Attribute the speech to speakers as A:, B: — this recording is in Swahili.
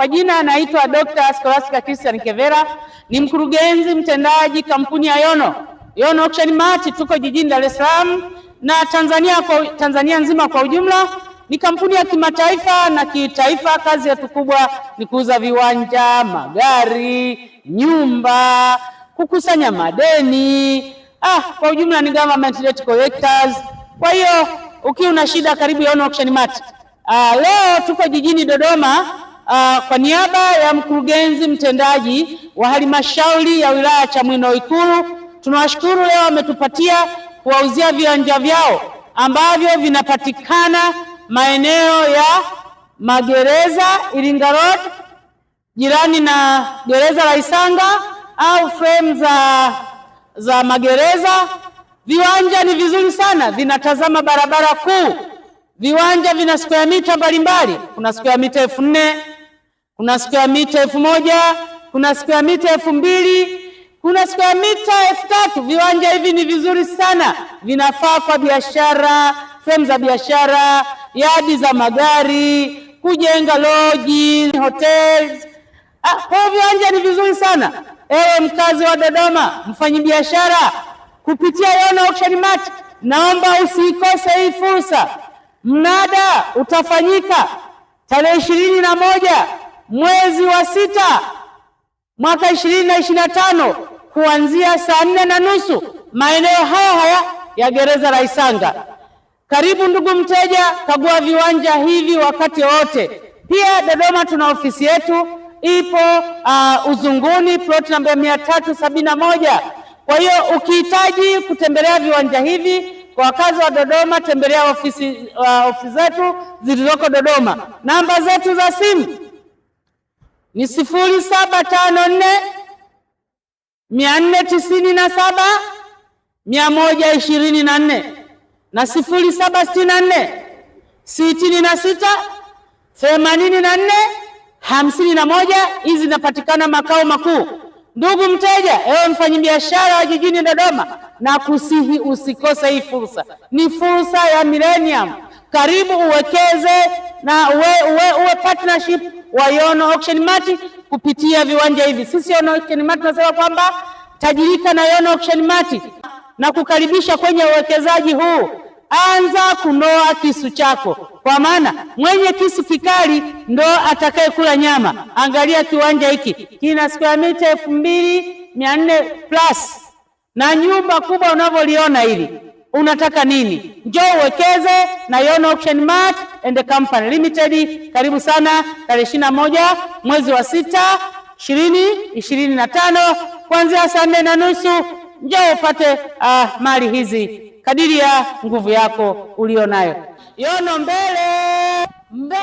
A: Kwa jina anaitwa Dr. Scholastica Christian Kevera, ni mkurugenzi mtendaji kampuni ya Yono Yono Auction Mart. Tuko jijini Dar es Salaam na Tanzania, kwa Tanzania nzima kwa ujumla. Ni kampuni ya kimataifa na kitaifa. Kazi yetu kubwa ni kuuza viwanja, magari, nyumba, kukusanya madeni. Ah, kwa ujumla ni government debt collectors. Kwa hiyo ukiwa una shida, karibu Yono Auction Mart. Ah, leo tuko jijini Dodoma Uh, kwa niaba ya mkurugenzi mtendaji wa halmashauri ya wilaya Chamwino Ikulu, tunawashukuru leo wametupatia kuwauzia viwanja vyao ambavyo vinapatikana maeneo ya magereza Iringa Road jirani na gereza la Isanga au frame za, za magereza. Viwanja ni vizuri sana, vinatazama barabara kuu. Viwanja vina square mita mbalimbali, kuna square mita elfu nne kuna siku ya mita elfu moja kuna siku ya mita elfu mbili kuna siku ya mita elfu tatu Viwanja hivi ni vizuri sana, vinafaa kwa biashara, sehemu za biashara, yadi za magari, kujenga loji, hotels. Ah, kwa viwanja ni vizuri sana. Ewe mkazi wa Dodoma, biashara kupitia Yona Auction Mart, naomba usiikose hii fursa. Mnada utafanyika tarehe ishirini na moja mwezi wa sita mwaka ishirini na ishirini na tano kuanzia saa nne na nusu maeneo haya haya ya gereza la Isanga. Karibu ndugu mteja, kagua viwanja hivi wakati wote. Pia Dodoma tuna ofisi yetu ipo uh, Uzunguni plot namba mia tatu sabini na moja. Kwa hiyo ukihitaji kutembelea viwanja hivi kwa wakazi wa Dodoma, tembelea ofisi uh, ofisi zetu zilizoko Dodoma. Namba zetu za simu
B: ni sifuri saba tano nne mia nne tisini na saba mia moja ishirini na nne na sifuri saba sitini na nne sitini na sita themanini na nne hamsini na moja. Hizi zinapatikana makao makuu. Ndugu mteja, ewe mfanyabiashara wa jijini Dodoma, na kusihi usikose hii fursa, ni fursa ya milenium Karibu uwekeze na uwe, uwe, uwe partnership wa Yono Auction Mart kupitia viwanja hivi. Sisi Yono Auction Mart tunasema kwamba tajirika na Yono Auction Mart na kukaribisha kwenye uwekezaji huu. Anza kunoa kisu chako, kwa maana mwenye kisu kikali ndo kula nyama. Angalia kiwanja hiki kina square mita elfu mbili mia nne plus na nyumba kubwa unavyoliona hili, unataka nini? Njoo uwekeze na Yono Auction Mart and Company Limited. Karibu sana tarehe ishirini na moja mwezi wa sita ishirini ishirini na tano kuanzia saa nne na nusu. Njoo upate uh, mali hizi kadiri ya nguvu yako ulionayo. Yono mbele, mbele.